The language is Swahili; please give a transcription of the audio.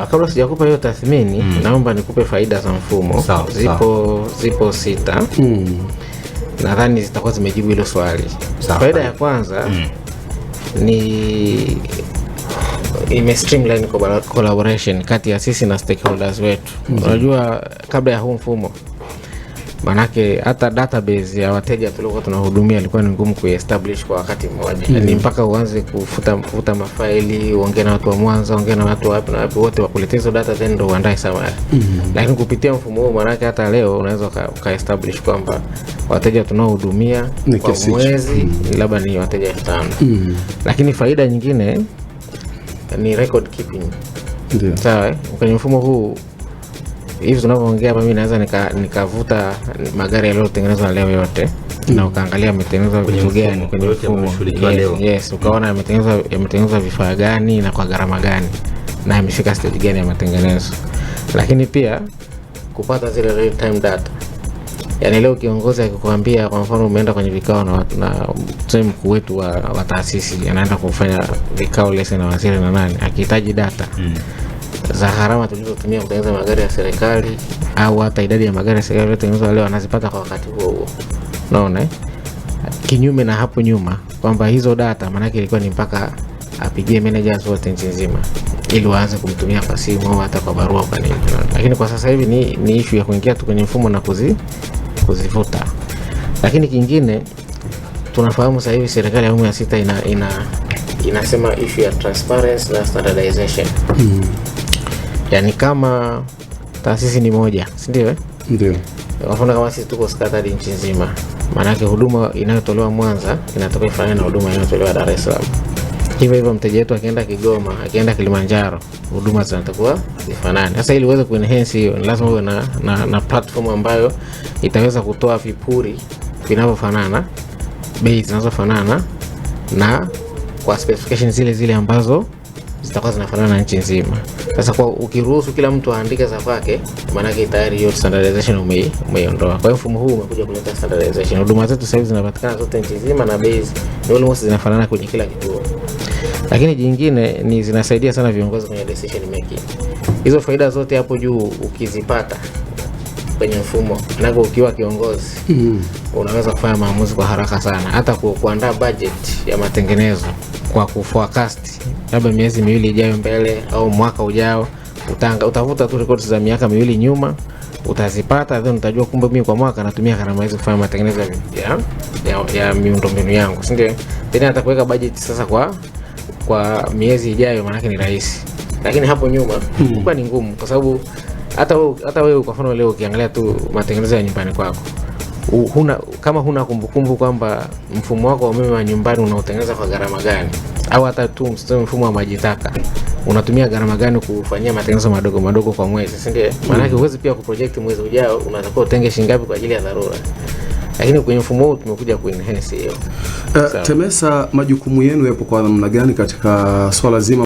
Ah, kabla sijakupa hiyo tathmini mm. naomba nikupe faida za mfumo sao, zipo, sao. zipo sita mm. nadhani zitakuwa zimejibu hilo swali. Faida ya kwanza mm. ni ime streamline collaboration kati ya sisi na stakeholders wetu. Hmm. Unajua, kabla ya huu mfumo Manake hata database ya wateja tuliokuwa tunahudumia ilikuwa ni ngumu kuestablish kwa wakati mmoja, mm. ni yaani mpaka uanze kufuta kufuta mafaili, uongee na watu wa Mwanza, uongee na watu wapi na wapi, wote wakuletea hizo data, then ndo uandae samari. Mm. Lakini kupitia mfumo huo, manake hata leo unaweza ukaestablish kwamba wateja tunaohudumia kwa mwezi mm. labda ni wateja elfu tano. Lakini faida nyingine ni record keeping, sawa. Eh? Kwenye mfumo huu hivi tunavyoongea hapa, mimi naweza nikavuta nika magari yaliyotengenezwa leo yote mm. na ukaangalia yametengenezwa vitu gani kwenye mfumo yes, ukaona yametengenezwa vifaa gani na kwa gharama gani na yamefika stage gani ya matengenezo, lakini pia kupata zile real time data. Yani leo kiongozi akikwambia kwa mfano, umeenda kwenye vikao na, na tuseme mkuu wetu wa, wa taasisi anaenda kufanya vikao lese na waziri na nani, akihitaji data mm za gharama tulizotumia kutengeneza magari ya serikali au hata idadi ya magari ya serikali yaliyotengenezwa leo anazipata kwa wakati huo huo. Unaona, eh? kinyume na hapo nyuma kwamba hizo data maanake ilikuwa ni mpaka apigie managers wote nchi nzima ili waanze kumtumia kwa simu au hata kwa barua kwa nini. Lakini kwa sasa hivi ni, ni ishu ya kuingia tu kwenye mfumo na kuzi, kuzivuta. Lakini kingine tunafahamu sasa hivi serikali ya awamu ya sita ina, ina, inasema ishu ya transparency na standardization. Hmm yani kama taasisi ni moja, si ndio? Eh? Ndio. Kwa kama sisi tuko scattered nchi nzima, maanake huduma inayotolewa Mwanza inatoka ifanane na huduma inayotolewa Dar es Salaam. Hivyo hivyo mteja wetu akienda Kigoma, akienda Kilimanjaro, huduma zinatakuwa zifanane. Sasa ili uweze kuenhance hiyo, ni lazima uwe na, na, na platform ambayo itaweza kutoa vipuri vinavyofanana, bei zinazofanana na kwa specification zile zile ambazo zitakuwa zinafanana nchi nzima. Sasa kwa ukiruhusu kila mtu aandike za kwake, maanake tayari hiyo standardization umeiondoa. Kwa hiyo mfumo huu umekuja kuleta standardization. Huduma zetu sasa hivi zinapatikana zote nchi nzima na base ni almost zinafanana kwenye kila kituo, lakini jingine ni zinasaidia sana viongozi kwenye decision making. Hizo faida zote hapo juu ukizipata kwenye mfumo, manake ukiwa kiongozi mm. unaweza kufanya maamuzi kwa haraka sana, hata kuandaa budget ya matengenezo kwa kuforecast labda miezi miwili ijayo mbele au mwaka ujao, utanga, utavuta tu rekodi za miaka miwili nyuma utazipata then utajua kumbe mimi kwa mwaka natumia gharama hizo kufanya matengenezo ya, ya, ya miundombinu yangu, si ndio? Then hata kuweka sasa kwa kwa miezi ijayo, maanake ni rahisi, lakini hapo nyuma hmm. ni ngumu kwa sababu hata wewe kwa mfano leo ukiangalia tu matengenezo ya nyumbani kwako huna, kama huna kumbukumbu kwamba mfumo wako wa umeme wa nyumbani unaotengeneza kwa gharama gani, au hata tu mfumo wa maji taka unatumia gharama gani kufanyia matengenezo madogo madogo kwa mwezi, si ndio? Mm. Maana huwezi pia kuproject mwezi ujao unatakiwa utenge shingapi kwa ajili ya dharura, lakini kwenye mfumo huu tumekuja kuenhance hiyo. Uh, TEMESA majukumu yenu yapo kwa namna gani katika swala zima